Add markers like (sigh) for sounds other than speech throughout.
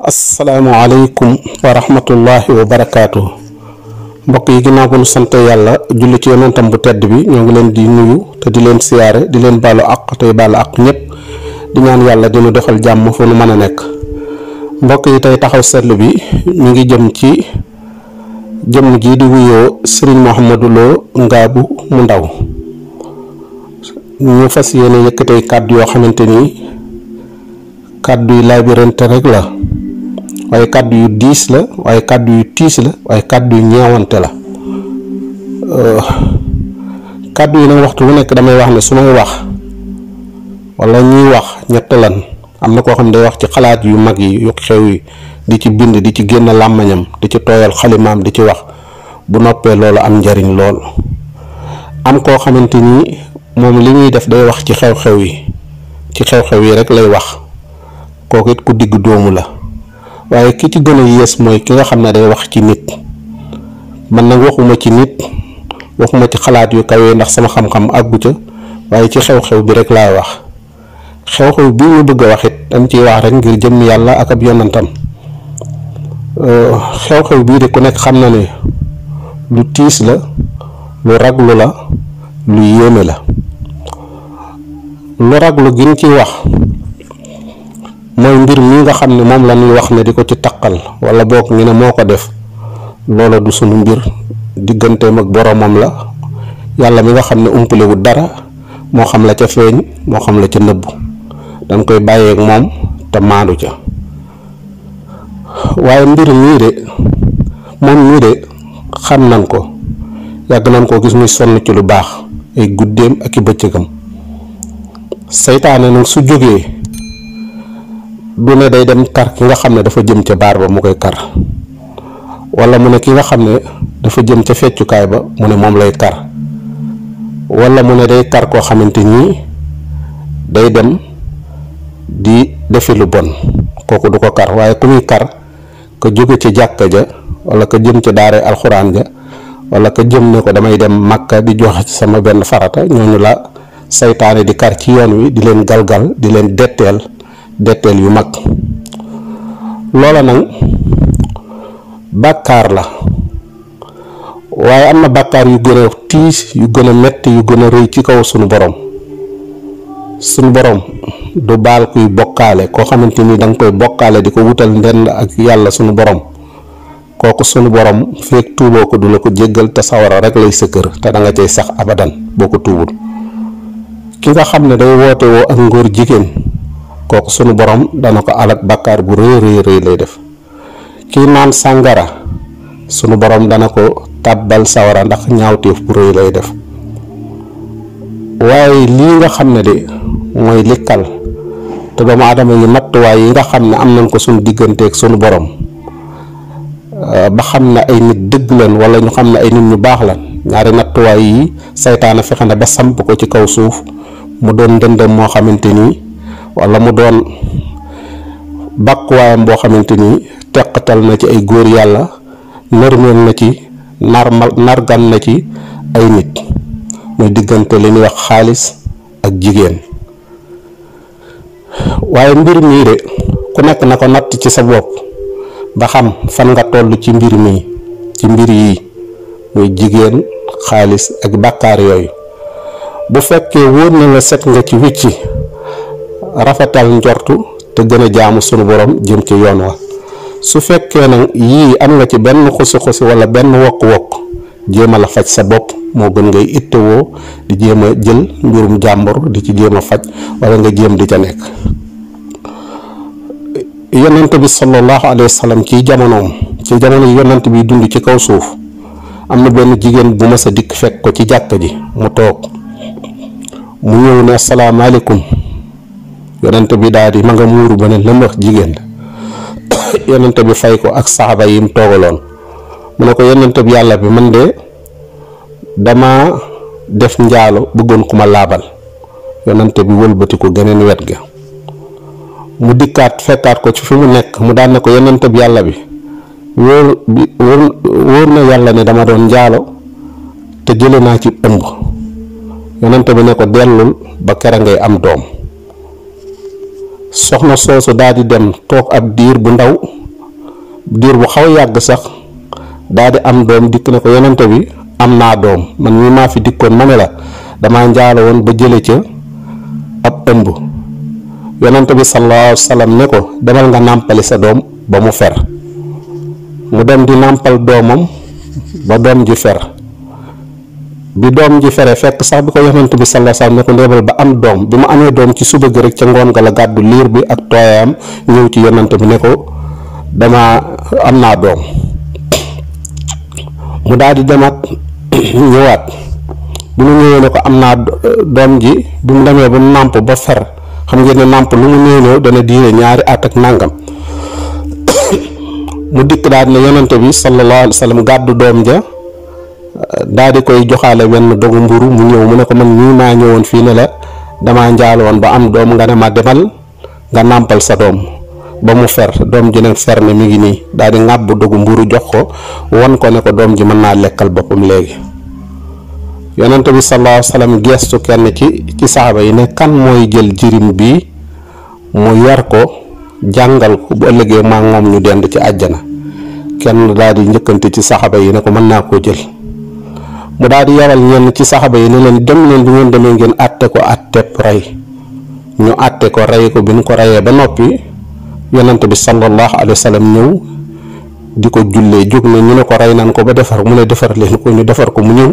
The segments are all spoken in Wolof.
asalaamaaleykum wa rahmatullahi wa barakaatu mbokk yi ginnaaw bu ñu sant yàlla julli ci yonentam bu tedd bi ñoo ngi leen di nuyu te di leen siyaare di leen baalu àq tey baalu àq ñëpp di ñaan yàlla di nu jàmm fu nu mën a nekk. mbokk yi tay taxaw setlu bi mi ngi jëm ci jëm gi di wuyo serigne mohammedou Lo ngabu mu ndaw ñu fas yéene yëkkatey kàddu yoo xamante ni kàddu yu rek la waye kaddu yu diis la waye kaddu yu tiis la waye kaddu yu ñeewante la kaddu yi nag waxtu wu nekk damay wax ne suma wax wala ñuy wax ñett lan am na koo xam ne day wax ci xalaat yu mag yi yu xew yi di ci bind di ci génn làmmañam di ci tooyal xalimaam di ci wax bu noppee loolu am njariñ lool am koo xamante ni moom li muy def day wax ci xew-xew yi ci xew yi rek lay wax kooku it ku digg doomu la waaye ki ci gën a yées mooy ki nga xam ne day wax ci nit man nag waxuma ci nit waxuma ci xalaat yu kawee ndax sama xam-xam àggu ca waaye ci xew-xew bi rek laay wax xew-xew bii ñu bëgg a wax dañ ciy wax rek ngir jëmm yàlla ak ab yonantam euh, xew-xew bii de ku nekk xam na ne lu tiis la lu raglu la lu yéeme la lu raglu gi ñu ciy wax mooy mbir mi nga xam ne moom la ñuy wax ne di ko ci taqal wala boog ñu ne moo ko def loola du sunu mbir digganteem ak boromam la yàlla mi nga xam ne umpalewul dara moo xam la ca feeñ moo xam la ca nëbbu danga koy bàyyeeg moom te maandu ca waaye mbir mii de moom mii de xam nañ ko yàgg nañ koo gis muy sonn ci lu baax ay guddeem ak i bëccëgam seytaane nag su jógee du ne day dem kar ki nga xam ne dafa jëm ca baar ba mu koy kar walla mu ne ki nga xam ne dafa jëm ca feccukaay ba mu ne moom lay kar wala mu ne day kar koo xamante nii day dem di defi lu bon kooku du ko kar waaye ku muy kar ka jóge ci jàkka ja wala ka jëm ca daare alxuraan ja wala ka jëm ne ko damay dem màkka di joxe ci sama benn farata ñooñu la saytaane di kar ci yoon wi di leen galgal di leen detteel detteel yu mag loola nag bàkkaar la waaye am na bàkkaar yu gën a tiis yu gën a metti yu gën a rëy ci kaw sunu borom sunu borom du bal kuy bokalé ko xamanteni dang koy bokalé di wutal ndend ak yalla sunu borom koku sunu borom fek tuuboo ko dula ko jéggal ta sawara rek lay ta da nga cey sax abadan boko ko tuubul ki nga xamne day wote wo ak ngor jigen koku sunu borom dana ko alak bakar bu rëy rëy rëy lay def kii nan sangara sunu borom dana ko sawara ndax ñaawteef bu rëy lay def waye li nga xamne de moy likal te doomu aadama yi nattuwaay yi nga xam ne am nañ ko suñu ak suñu borom euh, ba xam ne ay nit dëgg lan wala ñu xam ne ay nit ñu baax lan ñaari nattuwaay yi saytaana fexe na ba samp ko ci kaw suuf mu doon ndëndam moo xamante nii wala mu doon bàkkuwaayam boo xamante nii teqatal na ci ay góor yàlla nërmeel na ci narmal nargan na ci ay nit muy diggante li ñuy wax xaalis ak jigéen waaye mbir mii de ku nekk na ko natt ci sa bopp ba xam fan nga toll ci mbir mii ci mbir yii muy jigéen xaalis ak bàkkaar yooyu bu fekkee wóor na la set nga ci wicci rafetal njortu te gën a jaamu sunu borom jëm ci yoon wa su fekkee nag yii am nga ci benn xusi xusi wala benn wokk wokk jéemal a faj sa bopp moo gën ngay ittewoo di jéem a jël mbirum jàmbur di ci jéem faj wala nga jéem di ca nekk yonent bi sallallahu alayhi wa sallam ci jamonoom ci jamono yonent bi dund ci kaw suuf am na benn jigéen bu mas sa dikk fekk ko ci jàkk ji mu toog mu ñëw ne asalaamaaleykum yonent bi daal di ma nga muuru ba ne lëmbax jigéen (coughs) yonent bi fay ko ak saxaaba yi mu toogaloon mu ne ko yonent bi yàlla bi man de dama def njaalo bëggoon ku ma laabal yonante bi wëlbati ko geneen wet ga mu dikkaat fekkaat ko ci fi mu nekk mu daan ne ko yonante bi yàlla bi wóor bi na yàlla ne dama doon njaalo te jële naa ci ëmb yonante bi ne ko dellul ba kera ngay am doom soxna soosu daal di dem toog ab diir bu ndaw diir bu xaw a yàgg sax daal di am doom dikk ne ko yonante bi amna dom, doom man ñi ma fi dikkoon manela dama la won ba jele ci ab eumbu yonent bi sallallahu alaihi wasallam ne ko demal nga nampali sa doom ba mu fer mu dem di nampal domam ba dom ji fer bi dom ji fere fek sax bi ko yonent bi sallallahu alaihi wasallam ne ko ba am dom, bima mu dom doom ci suba gi rek ca nga la bi ak toyam ñew ci yonent bi ne ko dama amna dom mu demat ñëwaat bi mu ñëwee ne ko am naa doom ji bi mu demee ba nàmp ba fer xam ngeen ne nàmp lu mu néew néew dana diire ñaari at ak nàngam (coughs) mu dikk daal ne yonante bi sallallahu alayhi gàddu doom ja daal di koy joxaale wenn dogu mburu mu ñëw mu ne ko man ñii maa ñëwoon fii ne la damaa njaaloon ba am doom nga ne ma demal nga nàmpal sa doom ba mu fer dom ji nag fer ne mi ngi ni daal di dogu mburu jox ko won ko ne ko dom ji man na lekkal bopum legi yonente bi sallallahu alaihi wasallam gestu kenn ci ci sahaba yi ne kan moy jël jirim bi mu yar ko jangal ko bu ëllëgee ma ngom ñu dend ci aljana kenn daal di njëkkante ci sahaba yi ne ko man na ko jël mu yaral ñen ci sahaba yi ne len dem len bu ngeen demé ngeen atté ko atté rey ñu atté ko ray ko ko rayé ba noppi yonante bi sallallahu alaihi wasallam ñew diko julle jog na ñu ne ko ray nan ko ba defar mu ne defar leen ko ñu defar ko mu ñew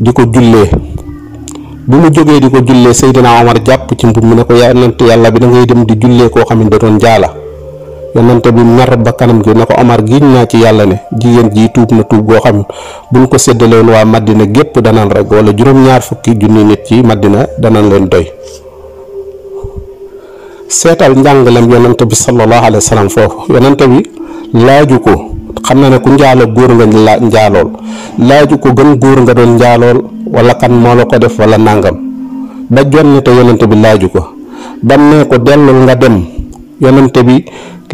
diko julle bu mu joge diko julle sayyidina umar japp ci mbum ne ko ya yonante yalla bi da ngay dem di julle ko xamni da don jaala yonante bi mer ba kanam gi ne ko omar giñ na ci yalla ne jigen ji tuup na tuup go xam buñ ko séddelé wa madina gep danan rek wala juroom ñaar fukki jooni nit ci madina danan leen doy seetal njàngalem yonent bi sallallahu alayhi wa sallam foofu yonent bi laaju ko xam na ne ku njaalo góor nga la njaalool laaju ko gën góor nga doon njaalool wala kan moo la ko def wala nàngam ba jonn te yonent bi laaju ko bam ne ko dellul nga dem yonent bi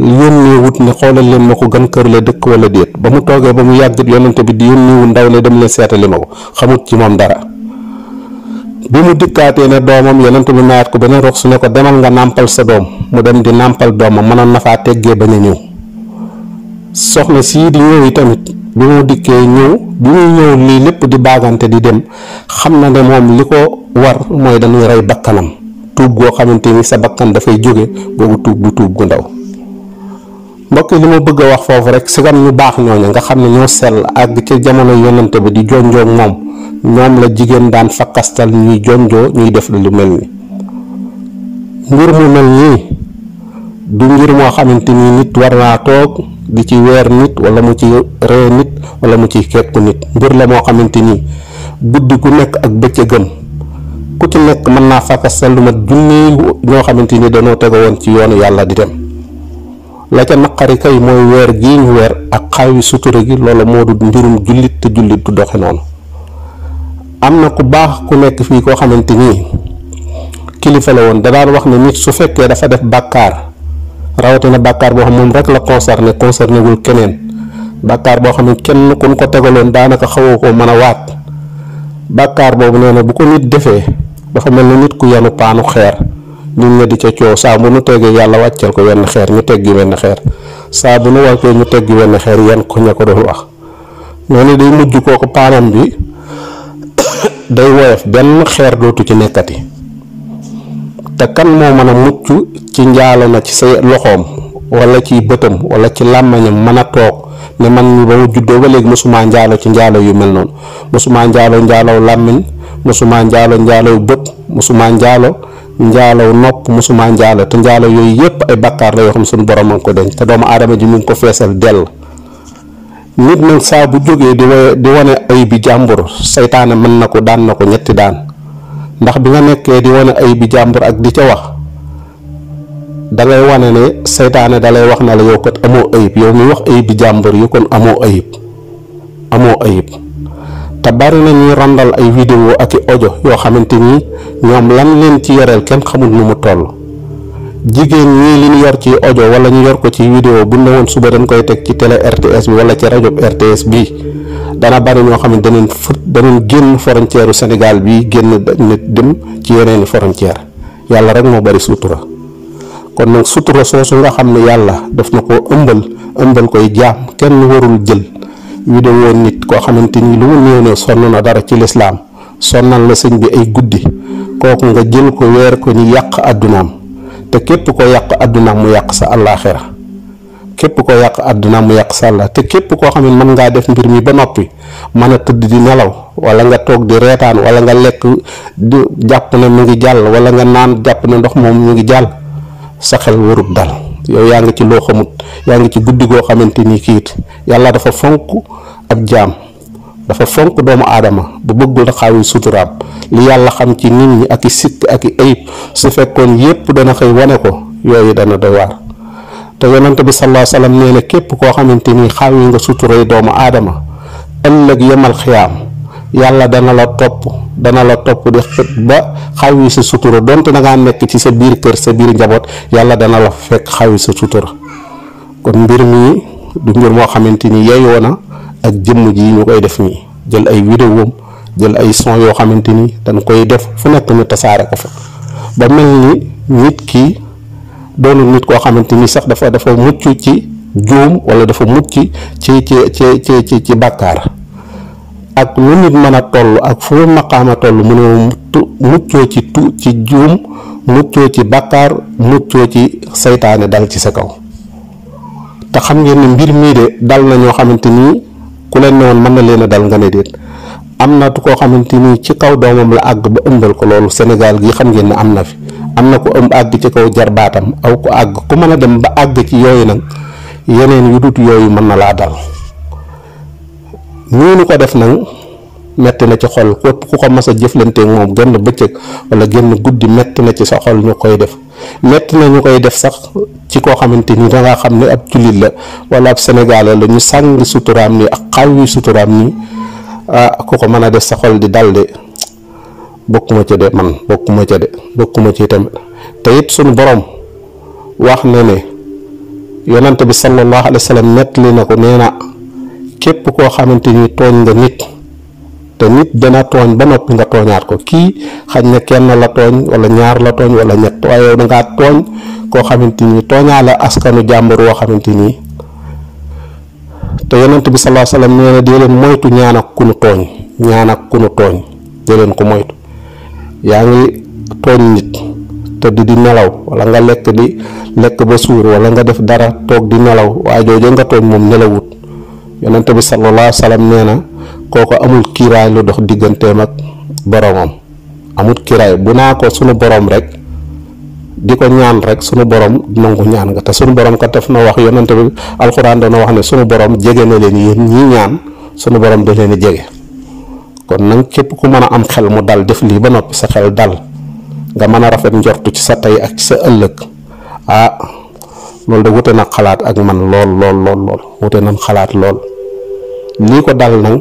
yónnee wut ne xoolal leen ma ko gën kër la dëkk wala déet ba mu toogee ba mu yàggit yonent bi di yónnee wut ndaw ne dem leen seetali ma ko xamut ci moom dara bi mu dikkaatee ne doomam yonent bi naat ko beneen rox su ne ko demal nga nàmpal sa doom mu dem di nàmpal doomam mënoon na faa teggee bañ a ñëw soxna sii di ñëw yi tamit bi mu dikkee ñëw bi muy ñëw lii lépp di baagante di dem xam na ne moom li ko war mooy dañuy rey bakkanam tuub goo xamante ni sa bakkan dafay jóge googu tuub du tuub gu ndaw mbokk li ma bëgg a wax foofu rek si kam ñu baax ñooñu nga xam ne ñoo sell àgg ca jamono yonante bi di jonjoog moom ñoom la jigéen daan fakkastal ñuy jonjoo ñuy def lu mel ni mbir mu mel nii du mbir moo xamante ni nit war naa toog di ci weer nit wala mu ci ree nit wala mu ci kekk nit mbir la moo xamante ni guddi gu nekk ak bëccëgam ku ci nekk mën naa fakkastal lu mat junni ñoo xamante ni dañoo tega ci yoonu yàlla di dem la ca naqari kay mooy weer gii ñu weer ak xaawi sutura gi loola moo du mbirum jullit te jullit du doxe noonu am na ku baax ku nekk fii koo xamante nii kilifa la woon da daan wax na nit su fekkee dafa def bàkkaar rawatina bàkkaar boo xam moom rek la concerné concerné wul keneen bàkkaar boo xam ne kenn kun ko tegaloon daanaka xawoo koo mën a waat bàkkaar boobu nee na bu ko nit defee dafa mel ne nit ku yanu paanu xeer ñun ña di ca coow saa bu nu tegee yàlla wàcceel ko wenn xeer ñu teggi wenn xeer saa bu nu wàccee ñu teggi wenn xeer yan ko ña ko doon wax bi day woyof benn xeer dootu ci nekkati te kan moo mën a mucc ci njaalo na ci say loxoom wala ci bëtam wala ci làmmañam mën a toog ne man mi ba mu juddoo ba léegi mosuma njaalo ci njaalo yu mel noonu mosuma njaalo njaalo làmmiñ mosuma njaalo njaalo bët mosuma njaalo njaalo nopp mosuma njaalo te njaalo yooyu yépp ay bakkaar la yoo xam suñu borom a ngi ko denc te doomu aadama ji mu ngi ko feesal dell nit nag sa bu joge di waye di wone ay bi jambour setan man nako dan nako ñetti dan ndax bi nga nekké di wone ay bi jambour ak di ca wax da ngay wone ne setan da lay wax na la yow ko amo ayib yow mi wax ay bi jambour yu kon amo ayib amo ayib ta bari na ñi randal ay vidéo ak i audio yo xamanteni ñom lan leen ci yarel kenn xamul nu mu tollu jigéen ñi li ñu yor ci audio wala ñu yor ko ci vidéo bu ne woon suba dañ koy teg ci télé RTS bi wala ci rajo RTS bi dana bari ñoo xam ne danañ fu danañ génn frontière Sénégal bi génn dem ci yeneen frontière yàlla rek moo bari sutura kon nag sutura soosu nga xam ne yàlla def na ko ëmbal ëmbal koy jaam kenn warul jël vidéo nit koo xamante ni lu mu néew ne sonn na dara ci lislaam sonnal la sëñ bi ay guddi kooku nga jël ko weer ko ñu yàq àddunaam te képp ko yàq àdduna mu yàq sa àllaaxira képp ko yàq àdduna mu yàq sa Allah. te képp koo xam ne mën ngaa def mbir mi ba noppi mën a tëdd di nelaw wala nga toog di reetaan wala nga lekk di jàpp ne mu ngi jàll wala nga naan jàpp ne ndox moom mu ngi jàll sa xel warut dal yow yaa ngi ci loo xamut yaa ngi ci guddi goo kiit yàlla dafa fonk ab jaam dafa fonk doomu aadama bu bëggul xaawi li yàlla xam ci nit ñi ak i sikk ak i ayib su fekkoon yépp dana xëy wane ko yooyu dana doy te yonante bi sallallahu alayhi wasallam nee képp koo xamante ni xawwi nga suturay doomu aadama ëllëg yemal yàlla dana la topp dana la topp di xët ba xawwi sa sutura donte dangaa nekk ci sa biir kër sa biir njaboot yàlla dana la fekk xawwi sa sutura kon mbir mi du mbir moo xamante ni yeyoo na ak jëmm ji ñu koy def nii jël ay vidéom jël ay son yoo xamante ni dañ koy def fu nekk ñu tasaare ko fa ba mel ni nit ki doonul nit koo xamante ni sax dafa dafa mucc ci juum wala dafa mucc ci ci ci ci ci ci bàkkaar ak mën a toll ak fu maqaama toll mu muccoo ci ci juum muccoo ci bàkkaar muccoo ci seytaane dal ci sa kaw te xam ngeen ne mbir mii de dal na ñoo xamante nii ku leen ne mën na leen a dal nga ne déet am na koo xamante ni ci kaw doomam la àgg ba ëmbal ko loolu senegal gi xam ngeen ne am na fi am na ko ëmb àgg ci kaw jarbaatam aw ko àgg ku mën a dem ba àgg ci yooyu nag yeneen yu dut yooyu mën na laa dal nii ñu ko def nag metti na ci xol képp ku ko mas a jëflanteeg moom genn bëccëg wala genn guddi metti na ci sa xol ñu koy def metti na ñu koy def sax ci koo xamante ni da nga xam ne ab jullit la wala ab sénégalais la ñu sàng suturaam nii ak xaw yi suturaam ah ku ko mën def sa xol di dal de de man bokuma ci de bokuma ci tam te it sunu borom wax na ne yonante bi sallallahu alaihi wasallam net li nako neena kep ko xamanteni togn nga nit te nit dana togn ba nopi nga tooñaat ko ki xañ na kenn la togn wala ñaar la togn wala ñet waaye da ngaa tooñ koo xamante askanu jambar wo xamanteni te yonent bi salaa salaam nee na dee leen moytu ñaan ak ku ñu tooñ ñaan ak ku tooñ dee leen ko moytu yaa ngi tooñ nit tëdd di nelaw wala nga lekk di lekk ba suur wala nga def dara toog di nelaw waaye jooju nga tooñ moom nelawut yonent bi sallallahu alayhi wa sallam nee amul kiiraay lu dox digganteem ak boromam amul kiiraay bu naa ko sunu borom rek diko ñaan rek sunu borom nangu ñaan nga ta sunu borom kat daf na wax yonante bi alquran dana wax ne sunu borom jégué na leen yeen ñi ñaan sunu borom da leen jégué kon nang képp ku mëna am xel mu dal def li ba nopi sa xel dal nga mëna rafet njortu ci sa tay ak ci sa ëlëk ah loolu da wuté na xalaat ak man lol lol, lool lool wuté na xalaat lool lii ko dal nang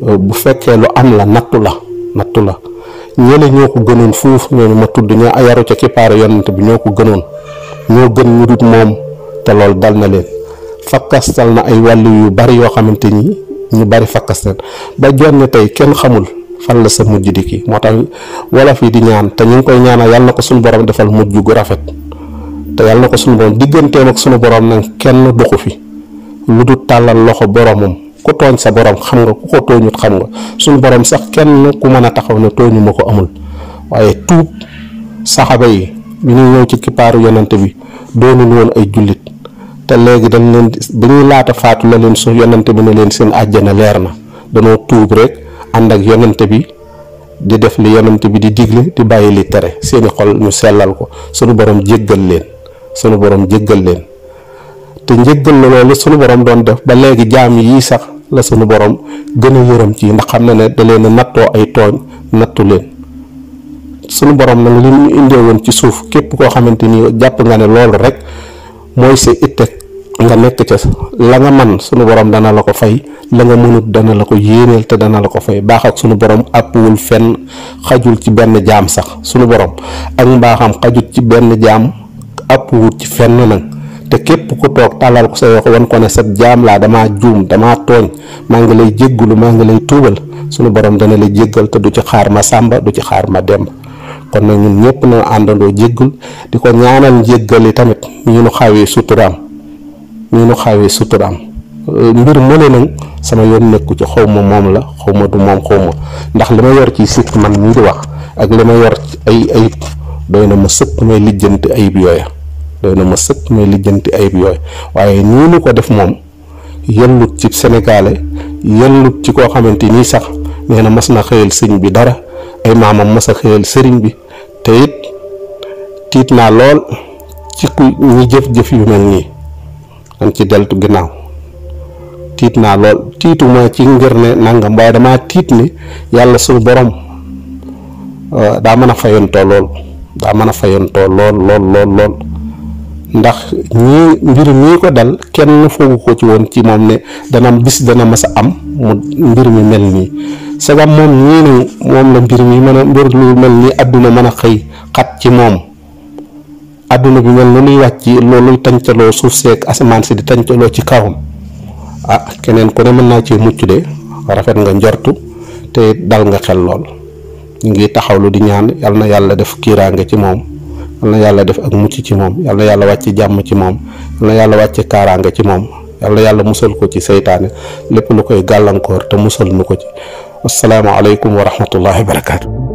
bu lo lu am la natula natula ñële ñoo ko gënoon fuuf ñooñu ma tudd ñoo yaru ca kippaaru yonent bi ñoo ko gënoon ñoo gën ñu dut moom te loolu dal na leen fakkastal na ay wàllu yu bari yoo xamante ni ñu bari fakkastal ba jonn tey kenn xamul fan la sa mujj di ki moo tax wolof yi di ñaan te ñu ngi koy ñaanal yàlla na ko suñu borom defal mujj gu rafet te yàlla na ko suñu borom digganteem ak suñu borom nag kenn duxu fi lu dul tàllal loxo boromam. ku togn sa borom xam nga ku ko tooñut xam nga sun borom sax kenn ku meuna taxaw na tooñu mako amul waye tout sahaba yi bi ñu ñew ci kiparu yonante bi doonul won ay julit te léegi dañ leen bu ñu laata faatu la leen su yonante bi ne leen seen aljana leer na tuub rek and ak yonante bi di def li yonante bi di digle di bayyi li tere seen xol ñu sellal ko sunu borom jéggal leen sunu borom jéggal leen te njëggal na loolu sunu borom doon def ba léegi jaam yi sax la sunu borom gën a yërëm ci ndax xam na ne da leen a nattoo ay tooñ nattu leen sunu borom nag li ñu indee woon ci suuf képp koo xamante ni jàpp nga ne loolu rek mooy sa itte nga nekk ca la nga man sunu borom dana la ko fay la nga mënut dana la ko yéeneel te dana la ko fay baax ak sunu borom àppuwul fenn xajul ci benn jaam sax sunu borom ak mbaaxam xajut ci benn jaam àppuwut ci fenn nag. te képp ku toog tàllal ko sa yoo wan ko ne sa jaam laa dama juum dama tooñ maa ngi lay jéggulu maa ngi lay tuubal sunu borom dana lay jéggal te du ci xaar ma sàmba du ci xaar ma dem kon nag ñun ñëpp na àndandoo jéggul di ko ñaanal njéggal yi tamit ñu nu xawee suturaam ñu nu xawee suturaam euh, mbir mu ne nag sama yoon nekku ci xaw ma moom la xaw ma du moom xaw ma ndax li ma yor ci sikk man mii di wax ak li ma yor ay ayib doy na ma sëpp may lijjanti ayib yooya doy na ma sëkk may lijjanti ayib yooyu waaye nii nu ko def moom yellut ci sénégalais yellut ci koo xamante nii sax nee na mas na xëyal sëñ bi dara ay maamam sëriñ bi te tiit naa lool ci ku ñi jëf-jëf yu mel nii dañ ci deltu ginnaaw tiit naa lool tiituma ci ngir ne nangam waaye damaa tiit ni yàlla suñu borom euh, daa mën a fayantoo lool daa mën a fayantoo lool lool lool lool ndax ñi mbir mi ko dal kenn fogu ko ci won ci mom ne dana bis dana massa am mu mbir mi mel ni sagam mom ñi ni mom la mbir mi mëna mbir lu mel ni aduna mëna xey xat ci mom aduna bi mel ni wacc lolu tancalo suuf sek asman si di tancalo ci kawam ah keneen ko ne mën na ci muccu de rafet nga njortu te dal nga xel lool ngi taxawlu di ñaan yalla na yalla def kiraange ci mom yal yàlla def ak mucc ci moom yal na yàlla wàcce jàmm ci moom yal na yàlla wàcce kaaraanga ci moom yal yàlla musal ko ci seytaane lépp lu koy gàllankoor te musal nu ko ci asalaamaaleykum wa rahmatullahi wa barakaatu.